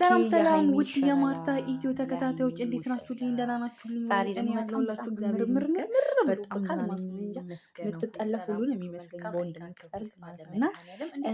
ሰላም ሰላም ውድ የማርታ ኢትዮ ተከታታዮች እንዴት ናችሁልኝ? ደህና ናችሁልኝ? እኔ ያለሁላችሁ እግዚአብሔር ይመስገን በጣም ምትጠላ ሁሉን የሚመስለኝ በወንድ እና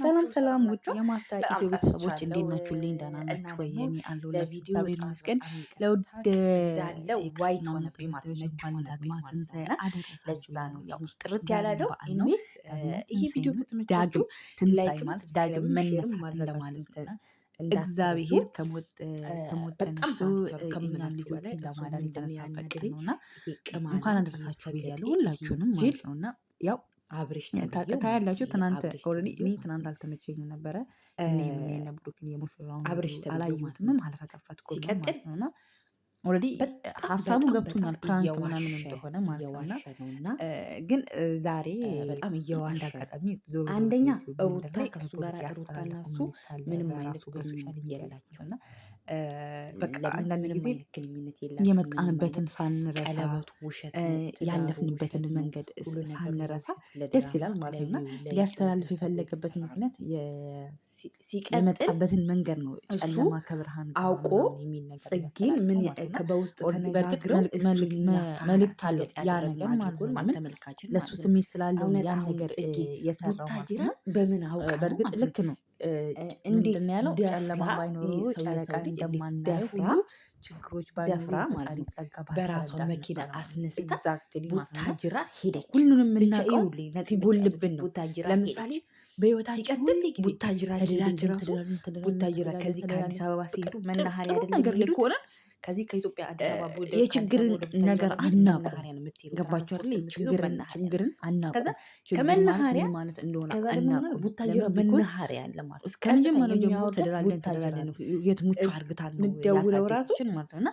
ሰላም ሰላም ውድ የማርታ ኢትዮ ቤተሰቦች እንዴት ናችሁልኝ? ደህና ናችሁ ወይ? እኔ ያለሁላችሁ እግዚአብሔር ይመስገን። ለውድ ጥርት ያላለው ይሄ ቪዲዮ ዳግም ትንሳኤ ማለት ዳግም መነሳት እንደማለት ነው እግዚአብሔር ከሞት ተነስቶ ለማዳን የተነሳበት ነውና እንኳን አደረሳችሁ ሁላችሁንም ማለት ነውና ያው ትናንት ኦልሬዲ እኔ ትናንት ነበረ የሙሽራውን ማለት ነውና ኦልሬዲ ሀሳቡ ገብቶኛል፣ ፕራንክ ምናምን እንደሆነ ማለት ነው። ግን ዛሬ በጣም እየዋሸ እንዳጋጣሚ አንደኛ ሩታ ከሱ ጋር ሩታና እሱ ምንም አይነት ሶሻል የላቸው እና በቃ አንዳንድ ጊዜ የመጣንበትን ሳንረሳ ያለፍንበትን መንገድ ሳንረሳ ደስ ይላል ማለት ነውና ሊያስተላልፍ የፈለገበት ምክንያት የመጣበትን መንገድ ነው። ጨለማ ከብርሃን አውቆ ጽጌን ምን በውስጥ መልእክት አለው ያ ነገር ማለት ለእሱ ስሜት ስላለው ያ ነገር የሰራው ማለት ነው። በእርግጥ ልክ ነው እንዴት ያለው ጨለማ ባይኖሩ ጨረቃ ችግሮች ማለት በራሷ መኪና አስነስታ ቡታጅራ ሄደች። ሁሉንም ለምሳሌ ቡታጅራ ቡታጅራ ከዚህ ከአዲስ አበባ ሲሄዱ አይደለም ነገር ከዚህ ከኢትዮጵያ አዲስ አበባ የችግርን ነገር አናውቁ ገባቸዋል። ችግርን ችግርን አናውቁ ከመናኸሪያ ማለት እንደሆነ አናውቁ። ቡታጅራ መናኸሪያ ያለ ማለት እስከ መጀመሪያው ጀምሮ ተደራለን ተደራለን የትሙቹ አርግታል ነው ደውለው ራሱ ማለት ነው እና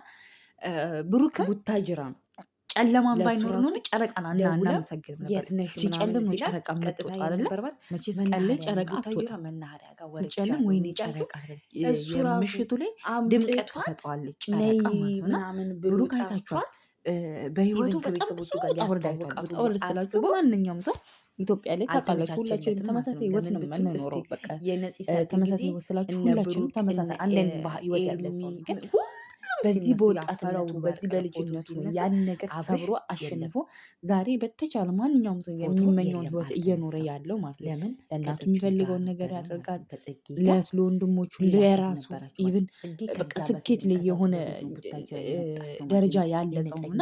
ብሩክ ቡታጅራ ነው ጨለማን ባይኖር ኖሮ ጨረቃን አና ነበር። ሲጨልም ነው ጨረቃ መጥቷል አይደል? መቼስ ጨረቃ አትወጣም። ሲጨልም ወይኔ ጨረቃ ምሽቱ ላይ ድምቀት ትሰጠዋለች ጨረቃ ማለት ነው። በህይወቱ በጣም ብዙ ውጣ ሰው ኢትዮጵያ ላይ ታውቃላችሁ፣ ሁላችንም ተመሳሳይ ህይወት ነው የምንኖረው። በቃ ተመሳሳይ ህይወት ስላችሁ ሁላችንም ተመሳሳይ አንድ ህይወት ያለን ሰው ግን በዚህ በወጣትነቱ በዚህ በልጅነቱ ያን ነገር ሰብሮ አሸንፎ ዛሬ በተቻለ ማንኛውም ሰው የሚመኘውን ህይወት እየኖረ ያለው ማለት ነው። ለምን ለእናቱ የሚፈልገውን ነገር ያደርጋል፣ ለት ለወንድሞቹ፣ ለራሱ ኢቭን በቃ ስኬት ላይ የሆነ ደረጃ ያለ ሰውና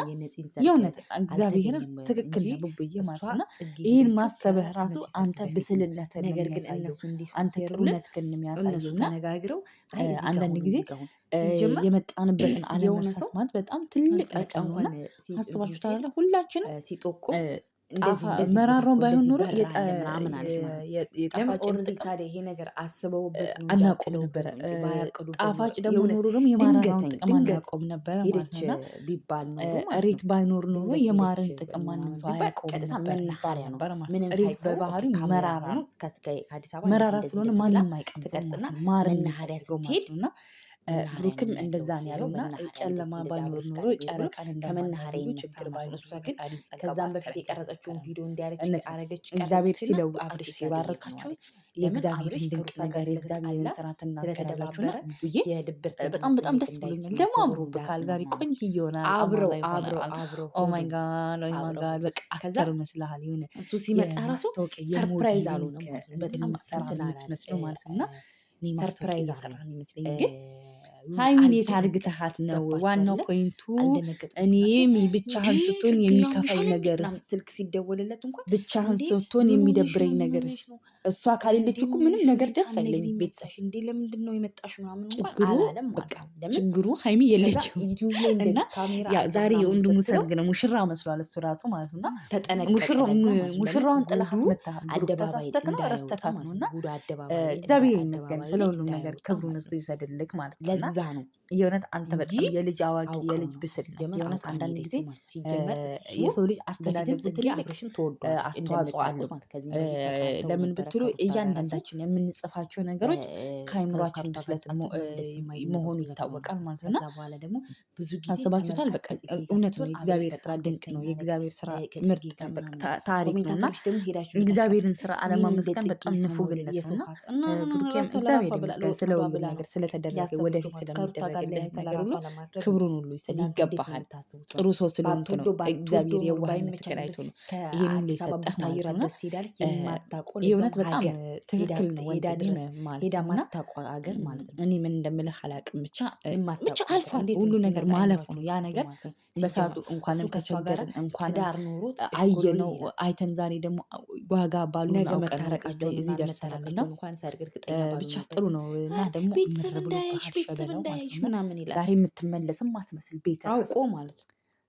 የእውነት እግዚአብሔር ትክክል ብዬ ማለት ነው። ይህን ማሰብህ ራሱ አንተ ብስልነት ነገር ግን እነሱ አንተ ጥሩነት ግን የሚያሳዩና አንዳንድ ጊዜ የመጣንበትን አለመርሳት ማለት በጣም ትልቅ አቀም ሆነ አስባችሁታል። ሁላችንም ሲጦቁ መራሮን ባይሆን ኖሮ ታዲያ ይሄ ነገር አስበውበት አናቆም ነበረ። ጣፋጭ ደግሞ ኖሮ ደግሞ የማራራውን ጥቅም አናቆም ነበረ ማለት ነው። ቢባል ሬት ባይኖር ኖሮ የማርን ጥቅም ማንም ሰው አያቆም ነበር። ሬት በባህሪ መራራ ነው። መራራ ስለሆነ ማንም አይቀምስ ማር ሀዲያ ስትሄድ ብሩክም እንደዛ ነው ያለው እና ጨለማ ባይኖር ኖሮ ጨረቃን እንዳመናሪ ችግር ባይኖር እሷ ግን ከዛም በፊት የቀረጸችውን ቪዲዮ እንዲያለች እግዚአብሔር ሲለው አብርሽ ሲባርካቸው የእግዚአብሔርን ድንቅ ነገር የእግዚአብሔርን ስራ ትናገራላችሁ ና ብዬ በጣም በጣም ደስ ብሎኛል። ደግሞ አምሮብካል ዛሬ ቆንጆ እየሆነ አብረው አብረው አብረው ኦማይ ጋድ በቃ አከዛር ይመስልሃል የሆነ እሱ ሲመጣ ራሱ ሰርፕራይዝ አሉ ነው በጣም ሰርትናት መስሎ ማለት ነው እና ሰርፕራይዝ ሰራን ይመስለኝ ግን ሀይሚን የት አርግተሃት ነው? ዋናው ፖይንቱ እኔም ብቻህን ስትሆን የሚከፋኝ ነገር ስልክ ሲደወልለት እንኳን ብቻህን ስትሆን የሚደብረኝ ነገር እሷ ካሌለች እኮ ምንም ነገር ደስ አይለኝም። ቤተሰብ ችግሩ ሀይሚ የለችም እና ዛሬ የወንድሙ ሰርግ ነው። ሙሽራ መስሏል እሱ ራሱ ማለት ነው። ሙሽራውን ጥለሃት መታሃል። ተሳስተክ ነው ረስተካት ነው እና እግዚአብሔር ይመስገን ስለሁሉም ነገር ክብሩን እሱ ይውሰድልክ ማለት ነው። ለዛ ነው የእውነት አንተ በጣም የልጅ አዋቂ የልጅ ብስል የእውነት አንዳንድ ጊዜ የሰው ልጅ አስተዳደግ ትልቅ አስተዋጽኦ አለው ለምን ብትሉ እያንዳንዳችን የምንጽፋቸው ነገሮች ከአይምሯችን ብስለት መሆኑ ይታወቃል ማለት ነው። እና በኋላ ደግሞ ብዙ አስባችሁታል። በቃ እውነት ነው። የእግዚአብሔር ስራ ድንቅ ነው። የእግዚአብሔር ስራ ምርጥ ታሪክ ነው እና እግዚአብሔርን ስራ አለማመስገን በጣም ንፉግነት ነው ነገር ስለተደረገ ወደፊት ስለሚደረግልህ ነገር ሁሉ ክብሩን ሁሉ ይሰጥ ይገባሃል። ጥሩ ሰው ስለሆንክ ነው። እግዚአብሔር የዋህነት ተከራይቶ ነው ይህን ሁሉ የሰጠህ ማለት ነው። የእውነት በጣም ትክክል ሄዳ ማለት ነው። እኔ ምን እንደምልህ አላውቅም። ብቻ ብቻ ሁሉ ነገር ማለፉ ነው። ያ ነገር በሰዓቱ እንኳንም እንኳን ዳር አይተን፣ ዛሬ ደግሞ ዋጋ ባሉ እዚህ ደርሰናል። ብቻ ጥሩ ነው እና ደግሞ ቤተሰብ እንዳያሽ ምናምን ይላል። ዛሬ የምትመለስም አትመስል ቤት አውቆ ማለት ነው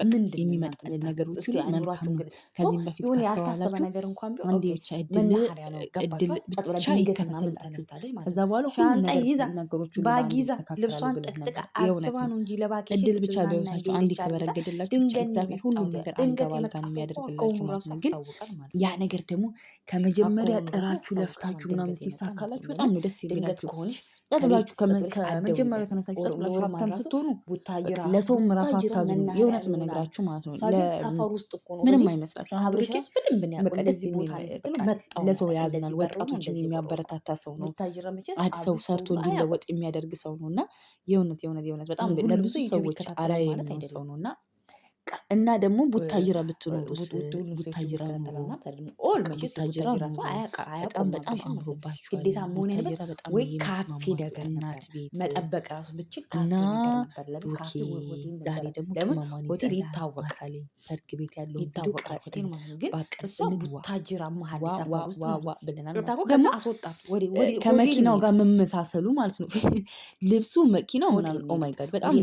ምንድን የሚመጣ ነገሮች መልካም ነው። ከዚህም በፊት እድል ብቻ ይከፈትላችሁ። ከዛ በኋላ ነገሮች እድል ብቻ ከበረገደላችሁ ብቻ እግዚአብሔር ሁሉም ነገር አንገባልጋ የሚያደርግላችሁ ማለት ነው። ግን ያ ነገር ደግሞ ከመጀመሪያ ጥራችሁ ለፍታችሁ ምናምን ሲሳካላችሁ በጣም ነው ደስ ይላችሁ ከሆነች ብላችሁ ከመጀመሪያው ተነሳችሁ ብላችሁ ሀብታም ስትሆኑ ለሰውም ራሱ አታዝኑ። የእውነት የምነግራችሁ ማለት ነው። ምንም አይመስላችሁ። ለሰው ያዝናል። ወጣቶችን የሚያበረታታ ሰው ነው። አዲስ ሰው ሰርቶ እንዲለወጥ የሚያደርግ ሰው ነው እና የእውነት የእውነት የእውነት በጣም ለብዙ ሰዎች አራ የሚሆን ሰው ነው እና እና ደግሞ ቡታጅራ ብትኖሩስ? ቡታጅራ በጣም አምሮባችሁ ግዴታ መሆን ወይ ካፌ ነገር ቤት መጠበቅ ራሱ ብችል እና ዛሬ ደግሞ ሆቴል ይታወቃል። ሰርግ ቤት ያለው ይታወቃል። ግን እሷ ቡታጅራ መሀል ደግሞ አስወጣት ከመኪናው ጋር መመሳሰሉ ማለት ነው። ልብሱ መኪናው ምናምን ኦማይ ጋድ በጣም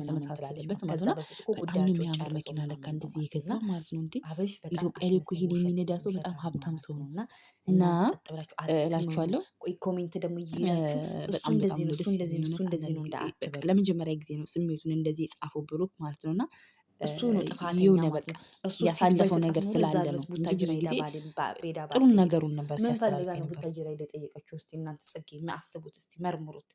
የተመሳሰለበት ማለት ነው። በጣም የሚያምር መኪና አወቅና ለካ እንደዚህ የገዛ ማለት ነው። እንዴ ኢትዮጵያ ላይ እኮ ይሄን የሚነዳ ሰው በጣም ሀብታም ሰው ነው። እና እና እላችኋለሁ ኮሜንት ደግሞ እንደዚህ ነው ለመጀመሪያ ጊዜ ነው ስሜቱን እንደዚህ የጻፈው ብሩክ ማለት ነው እና እሱ ነው ጥፋት የሆነ በቃ ያሳለፈው ነገር ስላለ ነው። ጥሩ ነገሩን ነበር ሲያስተላልፍ ቡታጅራ ጠየቀችው። እስኪ እናንተ ጽጌ አስቡት፣ እስኪ መርምሩት።